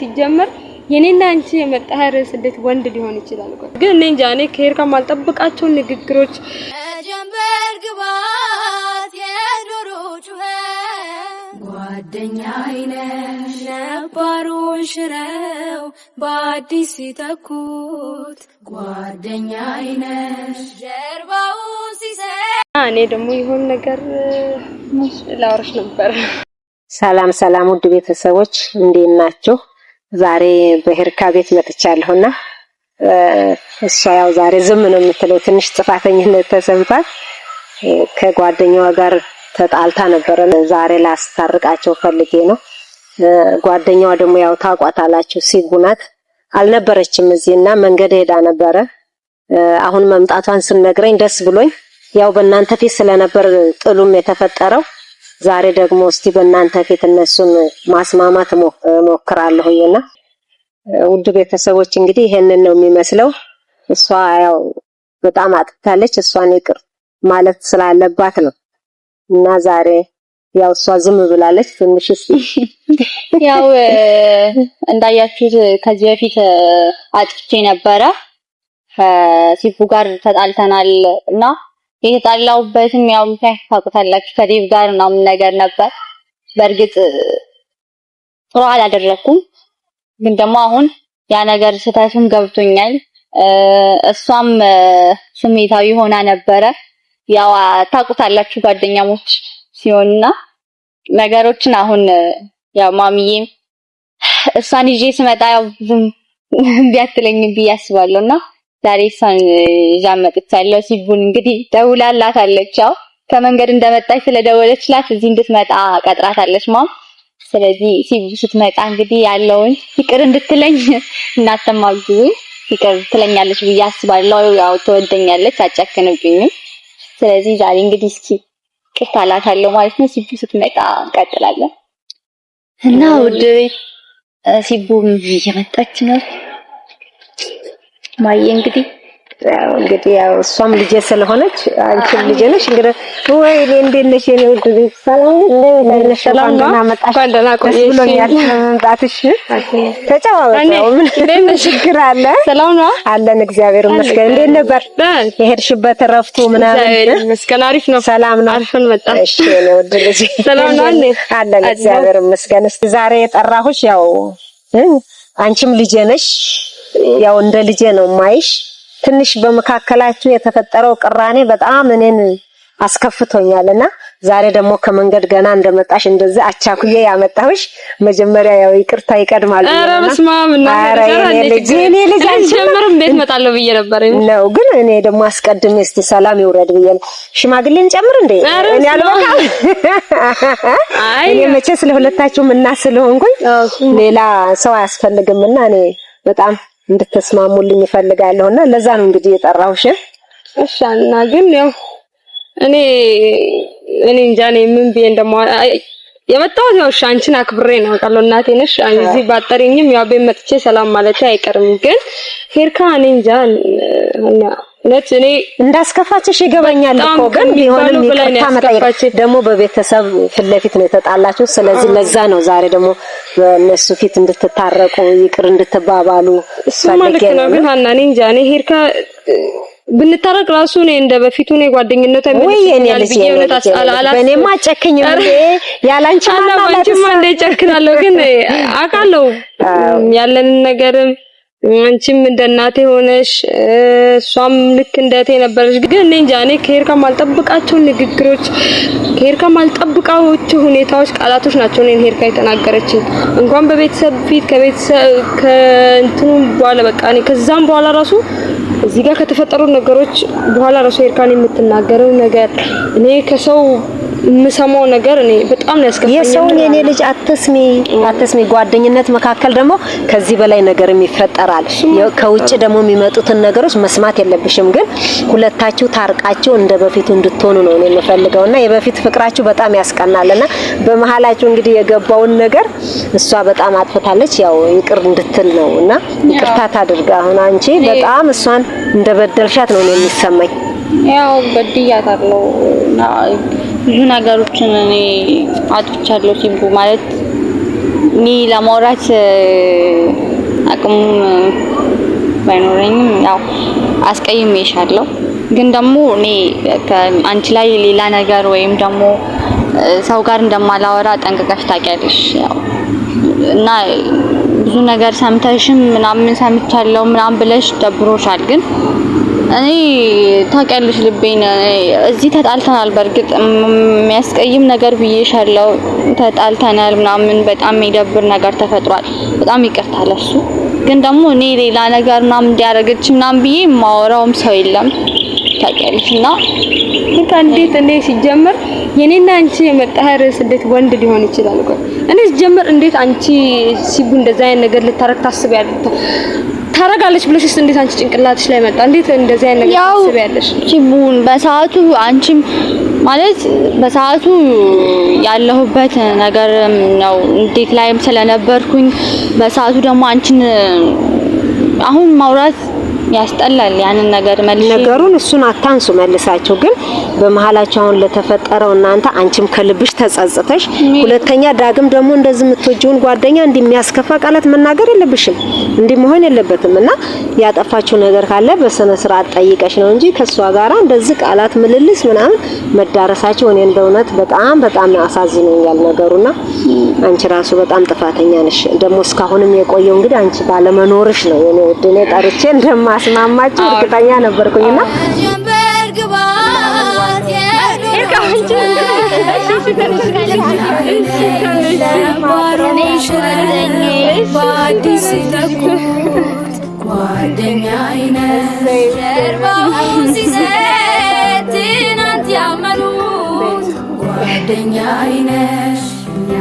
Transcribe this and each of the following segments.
ሲጀመር የኔና አንቺ የመጣህ ስደት ወንድ ሊሆን ይችላል? ቆይ ግን እኔ እንጃ እኔ ከሄርካ ማልጠብቃቸው ንግግሮች ጀንበር ግባት የዶሮ ጩኸት ጓደኛ አይነ ነባሩን ሽረው በአዲስ ሲተኩት ጓደኛ አይነ ጀርባው ሲሰ እኔ ደግሞ የሆን ነገር ላወራሽ ነበር። ሰላም ሰላም፣ ውድ ቤተሰቦች እንዴት ናችሁ? ዛሬ በሄርካ ቤት መጥቻለሁና እሷ ያው ዛሬ ዝም ነው የምትለው። ትንሽ ጥፋተኝነት ተሰምቷት ከጓደኛዋ ጋር ተጣልታ ነበረ። ዛሬ ላስታርቃቸው ፈልጌ ነው። ጓደኛዋ ደግሞ ያው ታቋታላችሁ ሲጉናት አልነበረችም እዚህና መንገድ ሄዳ ነበረ። አሁን መምጣቷን ስነግረኝ ደስ ብሎኝ ያው በእናንተ ፊት ስለነበር ጥሉም የተፈጠረው ዛሬ ደግሞ እስቲ በእናንተ ፊት እነሱን ማስማማት እሞክራለሁኝ እና ውድ ቤተሰቦች እንግዲህ ይሄንን ነው የሚመስለው። እሷ ያው በጣም አጥታለች። እሷን ይቅር ማለት ስላለባት ነው እና ዛሬ ያው እሷ ዝም ብላለች። ትንሽ እስቲ ያው እንዳያችሁት ከዚህ በፊት አጥፍቼ ነበረ ከሲፉ ጋር ተጣልተናል እና የተጣላሁበትም ያው ምክንያት ታውቁታላችሁ ከዴቭ ጋር ምናምን ነገር ነበር። በእርግጥ ጥሩ አላደረኩም፣ ግን ደግሞ አሁን ያ ነገር ስህተቱም ገብቶኛል። እሷም ስሜታዊ ሆና ነበረ። ያው ታውቁታላችሁ ጓደኛሞች ሲሆንና ነገሮችን አሁን ያው ማሚዬ እሷን ይዤ ስመጣ ያው ብዙም ቢያትለኝም ብዬ አስባለሁ እና ዛሬ እሷን ይዛ መጥቻለሁ። ሲቡን እንግዲህ ደውላላት አለች። ያው ከመንገድ እንደመጣች ስለደወለችላት እዚህ እንድትመጣ ቀጥራታለች ማም። ስለዚህ ሲቡ ስትመጣ እንግዲህ ያለውን ይቅር እንድትለኝ እናተማግዙ ይቅር ትለኛለች ብዬ አስባለሁ። ያው ትወደኛለች፣ አጨክንብኝም። ስለዚህ ዛሬ እንግዲህ እስኪ ይቅርታ እላታለሁ ማለት ነው። ሲቡ ስትመጣ እንቀጥላለን እና ውድ ሲቡም እየመጣች ነው። ማየ እንግዲህ ያው እንግዲህ ያው እሷም ልጄ ስለሆነች አንቺም ልጄ ነሽ። እንግዲህ ወይ እንዴት ነሽ? የኔ ውድ ሰላም ነሽ? ሰላም ነው። እንኳን ደህና ቆየሽ። ብሎኛል መምጣትሽ። ተጨዋወታው ምን እንዴት ችግር አለ? ሰላም ነው አለን። እግዚአብሔር ይመስገን። እንዴት ነበር የሄድሽበት እረፍቱ ምናምን? ይመስገን አሪፍ ነው። ሰላም ነው። አሪፍን መጣሽ። እሺ የኔ ውድ ልጄ ሰላም ነው አለን። እግዚአብሔር ይመስገን። እስቲ ዛሬ የጠራሁሽ ያው አንቺም ልጄ ነሽ ያው እንደ ልጄ ነው ማይሽ። ትንሽ በመካከላችሁ የተፈጠረው ቅራኔ በጣም እኔን አስከፍቶኛል እና ዛሬ ደግሞ ከመንገድ ገና እንደመጣሽ እንደዚህ አቻኩዬ ያመጣሁሽ መጀመሪያ ያው ይቅርታ ይቀድማል። አረ መስማም አብ እና እኔ ልጅ አልጀምርም ቤት እመጣለሁ ብዬ ነበር ነው ግን እኔ ደግሞ አስቀድሜ እስቲ ሰላም ይውረድ ብዬ ነው። ሽማግሌን ጨምር እንዴ እኔ አልበቃም። እኔ መቼ ስለሁለታችሁም እና ስለሆንኩኝ ሌላ ሰው አያስፈልግምና እኔ በጣም እንድትስማሙልኝ እፈልጋለሁ እና ለዛ ነው እንግዲህ የጠራሁሽ። እሺ እና ግን ያው እኔ እኔ እንጃ እኔ ምን ብዬ እንደማ የመጣሁት ያው እሺ አንቺን አክብሬ ነው አውቃለሁ። እናቴ ነሽ እዚህ ባጠሪኝም ያው ቤት መጥቼ ሰላም ማለት አይቀርም። ግን ሄርካ እኔ እንጃ እውነት እኔ እንዳስከፋችሽ ይገባኛል እኮ ግን ቢሆንም ይቅርታ መጠየቅ ደግሞ በቤተሰብ ፊት ለፊት ነው የተጣላችሁ። ስለዚህ ለዛ ነው ዛሬ ደግሞ በእነሱ ፊት እንድትታረቁ ይቅር እንድትባባሉ ፈልጌ ነው። ግን ሀና እኔ እንጃ እኔ ሄርካ ብንታረቅ ራሱ ነው እንደ በፊቱ ነው ጓደኝነቱ የሚመስለኛል። ቢየውነት አላላ በኔማ ጨክኝ እንዴ ያላንቺ ማናለች ማንዴ ጨክናለሁ። ግን አውቃለሁ ያለንን ነገርም አንቺም እንደ እናቴ ሆነሽ እሷም ልክ እንደ እህቴ ነበረሽ። ግን እኔ እንጃ እኔ ከሄር ከማልጠብቃቸው ንግግሮች ከሄር ከማልጠብቃቸው ሁኔታዎች፣ ቃላቶች ናቸው እኔን ሄርካ የተናገረችኝ። እንኳን በቤተሰብ ፊት ከቤተሰብ ከእንትኑ በኋላ በቃ እኔ ከዛም በኋላ ራሱ እዚህ ጋር ከተፈጠሩ ነገሮች በኋላ ራሱ ሄርካን የምትናገረው ነገር እኔ ከሰው የምሰማው ነገር እኔ በጣም ነው ያስከፈኝ። የሰውን የኔ ልጅ አትስሚ አትስሚ። ጓደኝነት መካከል ደግሞ ከዚህ በላይ ነገርም ይፈጠራል። ከውጭ ደግሞ የሚመጡትን ነገሮች መስማት የለብሽም። ግን ሁለታችሁ ታርቃችሁ እንደ በፊቱ እንድትሆኑ ነው እኔ የምፈልገውና የበፊት ፍቅራችሁ በጣም ያስቀናልና በመሀላችሁ እንግዲህ የገባውን ነገር እሷ በጣም አጥፍታለች፣ ያው ይቅር እንድትል ነው እና ይቅርታ ታድርጋ። አሁን አንቺ በጣም እሷን እንደበደልሻት ነው እኔ የሚሰማኝ ያው በድያታለሁ እና ብዙ ነገሮችን እኔ አጥፍቻለሁ ሲምቦ ማለት እኔ ለማውራት አቅሙም ባይኖረኝም ያው አስቀይሜሻለሁ። ግን ደግሞ እኔ አንቺ ላይ ሌላ ነገር ወይም ደግሞ ሰው ጋር እንደማላወራ ጠንቅቀሽ ታውቂያለሽ። ያው እና ብዙ ነገር ሰምተሽም ምናምን ሰምቻለሁ ምናምን ብለሽ ደብሮሻል ግን እኔ ታውቂያለሽ ልቤን እዚህ ተጣልተናል። በእርግጥ የሚያስቀይም ነገር ብዬሻለሁ። ተጣልተናል ምናምን በጣም የሚደብር ነገር ተፈጥሯል። በጣም ይቅርታ ለሱ። ግን ደግሞ እኔ ሌላ ነገር ምናምን እንዲያደርገች ምናምን ብዬ የማወራውም ሰው የለም ታውቂያለሽ። እና እንዴት እኔ ሲጀምር የኔና አንቺ የመጣህ ርዕስ እንዴት ወንድ ሊሆን ይችላል? እኔ ሲጀምር እንዴት አንቺ ሲቡ እንደዛ አይነት ነገር ልታረግ ታስቢያለሽ? ታረጋለች ብለሽ እስቲ እንዴት አንቺ ጭንቅላትሽ ላይ መጣ? እንዴት እንደዚህ አይነት ነገር ታስቢያለሽ? ቡን በሰዓቱ አንቺም ማለት በሰዓቱ ያለሁበት ነገር ነው እንዴት ላይም ስለነበርኩኝ በሰዓቱ ደግሞ አንቺን አሁን ማውራት ያስጠላል። ያንን ነገር መልሽ ነገሩን እሱን አታንሱ መልሳቸው። ግን በመሀላቸው አሁን ለተፈጠረው እናንተ አንቺም ከልብሽ ተጸጽተሽ፣ ሁለተኛ ዳግም ደግሞ እንደዚህ የምትወጂውን ጓደኛ እንደሚያስከፋ ቃላት መናገር የለብሽም። እንዲህ መሆን የለበትም እና ያጠፋችው ነገር ካለ በስነ ስርዓት ጠይቀሽ ነው እንጂ ከሷ ጋራ እንደዚህ ቃላት ምልልስ ምናምን መዳረሳቸው እኔ እንደውነት በጣም በጣም አሳዝኖኛል ነገሩና አንቺ ራሱ በጣም ጥፋተኛ ነሽ። ደግሞ እስካሁንም የቆየው እንግዲህ አንቺ ባለመኖርሽ ነው። እኔ ጠርቼ እንደማ እንደማስማማችሁ እርግጠኛ ነበርኩኝና ጓደኛ አይነሽ እኛ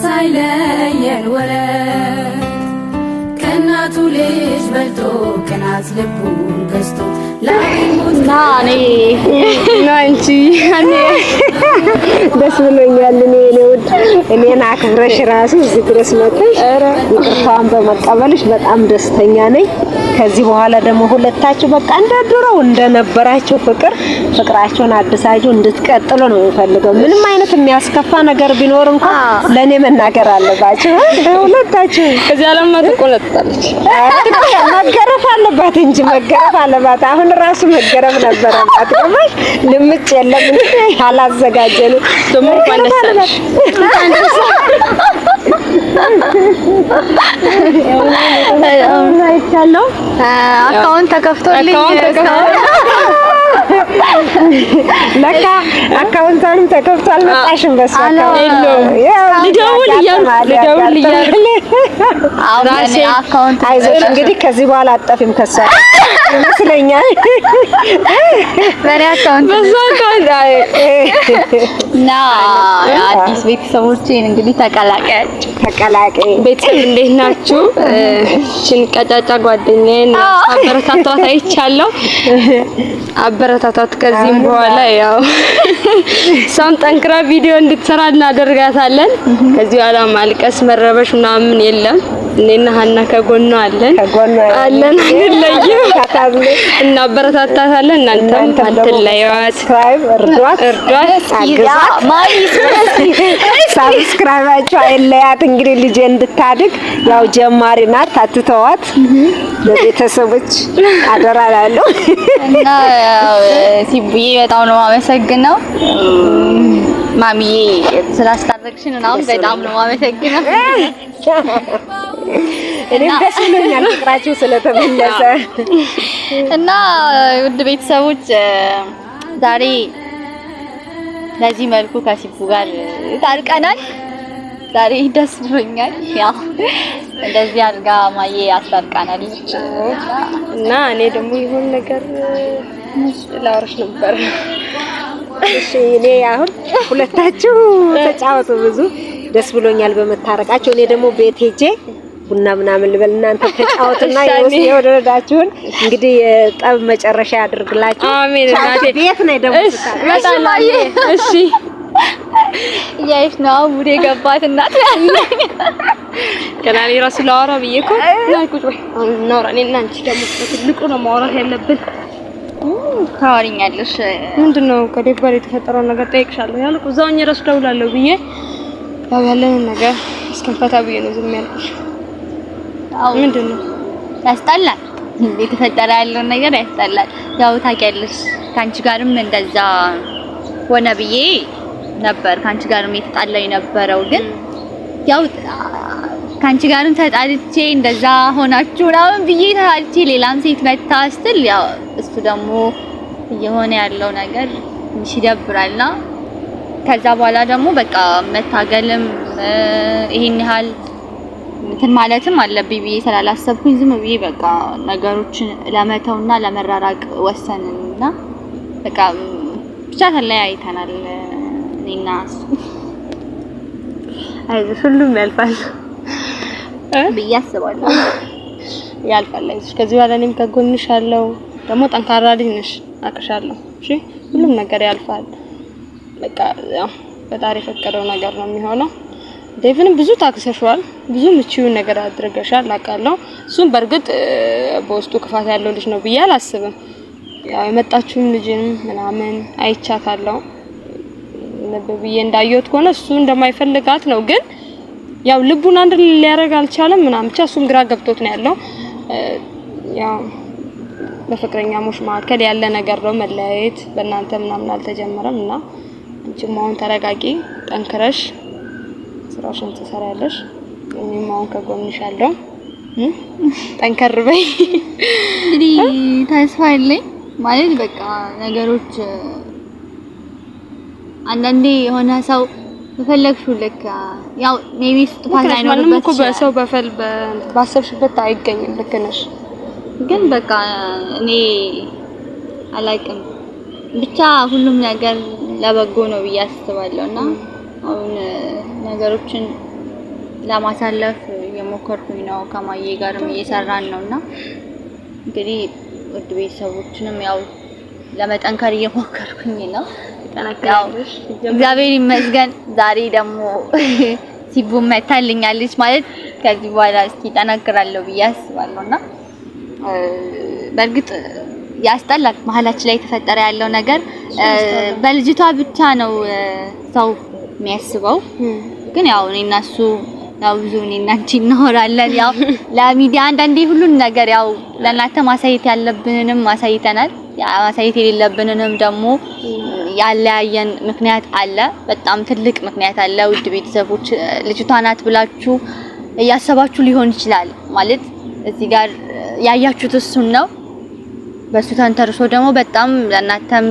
ሳይለየን የእናቱ ልጅ በልቶ ቅናት ገዝቶ እኔ አንቺ ደስ ብሎኛል እኔ እኔን አክብረሽ ራሱ እዚህ ድረስ መጥተሽ ይቅርታዋን በመቀበልሽ በጣም ደስተኛ ነኝ። ከዚህ በኋላ ደግሞ ሁለታችሁ በቃ እንደ ድሮው እንደነበራችሁ ፍቅር ፍቅራችሁን አድሳችሁ እንድትቀጥሉ ነው የምፈልገው። ምንም አይነት የሚያስከፋ ነገር ቢኖር እንኳን ለእኔ መናገር አለባችሁ። ሁለታችሁ እዚህ ዓለም ትቆለጣለች። መገረፍ አለባት እንጂ መገረፍ አለባት። አሁን ራሱ መገረፍ ነበረባት። ልምጭ የለም አላዘጋጀንም። አይቻለሁ። አካውንት ተከፍቶልኝ ለካ አካውንቷንም ተከፍቶ አልመጣሽም። በእሱ እንግዲህ ከዚህ በኋላ አጠፊም ከሷ ያሞክረኛል። እና አዲስ ቤተሰቦቼን እንግዲህ ተቀላቀይ። ቤተሰብ እንዴት ናችሁ? እችን ቀጫጫ ጓደኛዬን አበረታቷት፣ አይቻለሁ። አበረታቷት። ከዚህም በኋላ ያው እሷም ጠንክራ ቪዲዮ እንድትሰራ እናደርጋታለን። ከዚህ በኋላ ማልቀስ መረበሽ ምናምን የለም። እኔና ሀና ከጎኗ አለን አለን አንለይም፣ እናበረታታታለን። እናንተም አትለዩዋት፣ እርዷት፣ አግዟት። አይለያት። እንግዲህ ልጄ እንድታድግ ያው ጀማሪ ናት፣ አትተዋት። ለቤተሰቦች አደራ እላለሁ እና ሲቡዬ በጣም ነው የማመሰግነው። ማሚዬ ስላስታረቅሽን ምናምን በጣም ነው የማመሰግነው። እኔም ደስ ብሎኛል ፍቅራችሁ ስለተመለሰ እና ውድ ቤተሰቦች ዛሬ ለዚህ መልኩ ከሲቡ ጋር ታርቀናል። ዛሬ ደስ ብሎኛል። ያው እንደዚህ አድርጋ ማዬ አስታርቃናለች እና እኔ ደግሞ ይሆን ነገር ላወራሽ ነበር እሺ እኔ አሁን ሁለታችሁ ተጫወቱ። ብዙ ደስ ብሎኛል በመታረቃቸው። እኔ ደግሞ ቤት ሄጄ ቡና ምናምን ልበል። እናንተ ተጫወቱና የወደዳችሁን እንግዲህ የጠብ መጨረሻ ያድርግላችሁ። አሜን። እናቴ ቤት ነው ደግሞ እሺ እያየሽ ነው ሙድ የገባት እናት ገና እኔ እራሱ ላወራ ብዬሽ እኮ ናቁጭ ወይ አሁን እኔ እና አንቺ ደግሞ ትልቁ ነው ማውራት ያለብን ታወሪኛለሽ። ምንድን ነው ከዴቭ ጋር የተፈጠረውን ነገር ጠይቅሻለሁ ያልኩ እዛውኝ እረሱ ደውላለሁ ብዬ ያው ያለንን ነገር እስክንፈታ ብዬ ነው ዝም ያልኩሽ። ምንድን ነው ያስጠላል፣ የተፈጠረ ያለውን ነገር ያስጠላል። ያው ታውቂያለሽ ከአንቺ ጋርም እንደዛ ሆነ ብዬ ነበር ከአንቺ ጋርም የተጣላው የነበረው ግን ያው ከአንቺ ጋርም ተጣልቼ እንደዛ ሆናችሁ ምናምን ብዬ ተጣልቼ ሌላም ሴት መታ ስትል ያው እሱ ደግሞ እየሆነ ያለው ነገር ትንሽ ይደብራልና ከዛ በኋላ ደግሞ በቃ መታገልም ይሄን ያህል እንትን ማለትም አለብኝ ብዬ ስላላሰብኩኝ ዝም ብዬ በቃ ነገሮችን ለመተውና ለመራራቅ ወሰንና በቃ ብቻ ተለያይተናል። እኔና አይዞሽ ሁሉም ያልፋል። ብዬ አስባለሁ። ያልፋል። አይዞሽ። ከዚህ በኋላ እኔም ከጎንሽ አለው። ደግሞ ጠንካራ ልጅ ነሽ፣ አቅሻለሁ። እሺ፣ ሁሉም ነገር ያልፋል። በቃ ያው ፈጣሪ የፈቀደው ነገር ነው የሚሆነው። ዴቭንም ብዙ ታክሰሽዋል፣ ብዙ ምቹውን ነገር አድርገሻል፣ አውቃለሁ። እሱም በእርግጥ በውስጡ ክፋት ያለው ልጅ ነው ብዬ አላስብም። ያው የመጣችሁም ልጅን ምናምን አይቻታለሁ ብዬ እንዳየሁት ከሆነ እሱ እንደማይፈልጋት ነው ግን ያው ልቡን አንድ ሊያደርግ አልቻለም ምናምን ብቻ እሱም ግራ ገብቶት ነው ያለው። ያው በፍቅረኛሞች መካከል ያለ ነገር ነው መለያየት፣ በእናንተ ምናምን አልተጀመረም እና አንቺም አሁን ተረጋጊ፣ ጠንክረሽ ስራሽን ትሰሪያለሽ። እኔም አሁን ከጎንሽ አለው። ጠንከር በይ እንግዲህ ተስፋ የለኝ ማለት በቃ ነገሮች አንዳንዴ የሆነ ሰው በፈለግሽው ልክ ያው ሜቢ ጥፋት አይኖርበት እኮ በሰው በፈል ባሰብሽበት አይገኝም። ልክ ነሽ፣ ግን በቃ እኔ አላቅም። ብቻ ሁሉም ነገር ለበጎ ነው ብዬ አስባለሁ እና አሁን ነገሮችን ለማሳለፍ እየሞከርኩኝ ነው። ከማዬ ጋርም እየሰራን ነው እና እንግዲህ ውድ ቤተሰቦችንም ያው ለመጠንከር እየሞከርኩኝ ነው። ትጠነቀቂያለሽ። እግዚአብሔር ይመስገን ዛሬ ደግሞ ሲቡ መታልኛለች ማለት ከዚህ በኋላ እስኪ ጠነግራለሁ ብዬ አስባለሁ እና በእርግጥ ያስጠላል መሀላችን ላይ የተፈጠረ ያለው ነገር። በልጅቷ ብቻ ነው ሰው የሚያስበው። ግን ያው እኔ እና እሱ ያው ብዙ እኔ እና አንቺ እናወራለን። ያው ለሚዲያ አንዳንዴ ሁሉን ነገር ያው ለእናንተ ማሳየት ያለብንንም ማሳይተናል፣ ማሳየት የሌለብንንም ደግሞ ያለያየን ምክንያት አለ። በጣም ትልቅ ምክንያት አለ። ውድ ቤተሰቦች ልጅቷ ናት ብላችሁ እያሰባችሁ ሊሆን ይችላል። ማለት እዚህ ጋር ያያችሁት እሱን ነው። በሱ ተንተርሶ ደግሞ በጣም ለእናንተም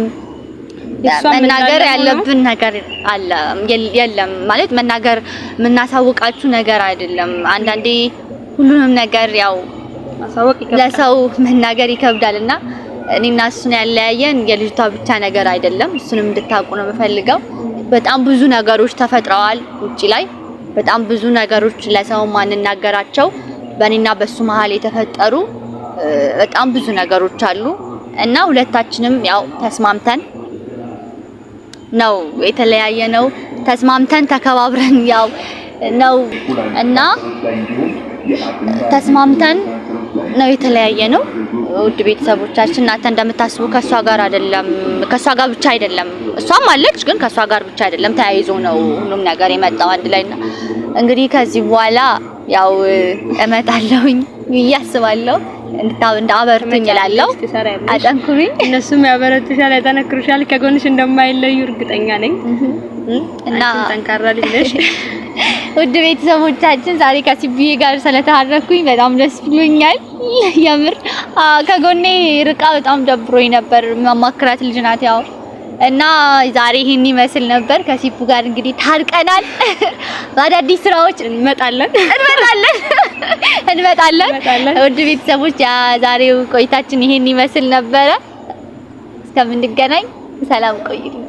መናገር ያለብን ነገር አለ። የለም ማለት መናገር የምናሳውቃችሁ ነገር አይደለም። አንዳንዴ ሁሉንም ነገር ያው ለሰው መናገር ይከብዳልና እኔና እሱን ያለያየን የልጅቷ ብቻ ነገር አይደለም። እሱንም እንድታውቁ ነው የምፈልገው። በጣም ብዙ ነገሮች ተፈጥረዋል ውጪ ላይ በጣም ብዙ ነገሮች ለሰው ማንናገራቸው በእኔና በሱ መሀል የተፈጠሩ በጣም ብዙ ነገሮች አሉ እና ሁለታችንም ያው ተስማምተን ነው የተለያየ ነው። ተስማምተን ተከባብረን ያው ነው እና ተስማምተን ነው የተለያየ ነው። ውድ ቤተሰቦቻችን እናንተ እንደምታስቡ ከእሷ ጋር አይደለም፣ ከእሷ ጋር ብቻ አይደለም። እሷም አለች፣ ግን ከእሷ ጋር ብቻ አይደለም። ተያይዞ ነው ሁሉም ነገር የመጣው አንድ ላይ ላይና እንግዲህ ከዚህ በኋላ ያው እመጣለሁኝ እያስባለሁ እንደ አበርቱኝ እላለሁ። አጠንኩኝ። እነሱም ያበረቱሻል፣ ያጠነክሩሻል። ከጎንሽ እንደማይለዩ እርግጠኛ ነኝ እና ጠንካራ ልጅ ነሽ። ውድ ቤተሰቦቻችን ዛሬ ከሲቢዬ ጋር ስለተሐረኩኝ በጣም ደስ ብሎኛል። የምር ከጎኔ ርቃ በጣም ደብሮኝ ነበር። ማማክራት ልጅ ናት ያው እና ዛሬ ይሄን ይመስል ነበር። ከሲቡ ጋር እንግዲህ ታርቀናል። በአዳዲስ ስራዎች እንመጣለን እንመጣለን እንመጣለን። ውድ ቤተሰቦች ዛሬው ቆይታችን ይሄን ይመስል ነበረ። እስከምንገናኝ ሰላም ቆይልኝ።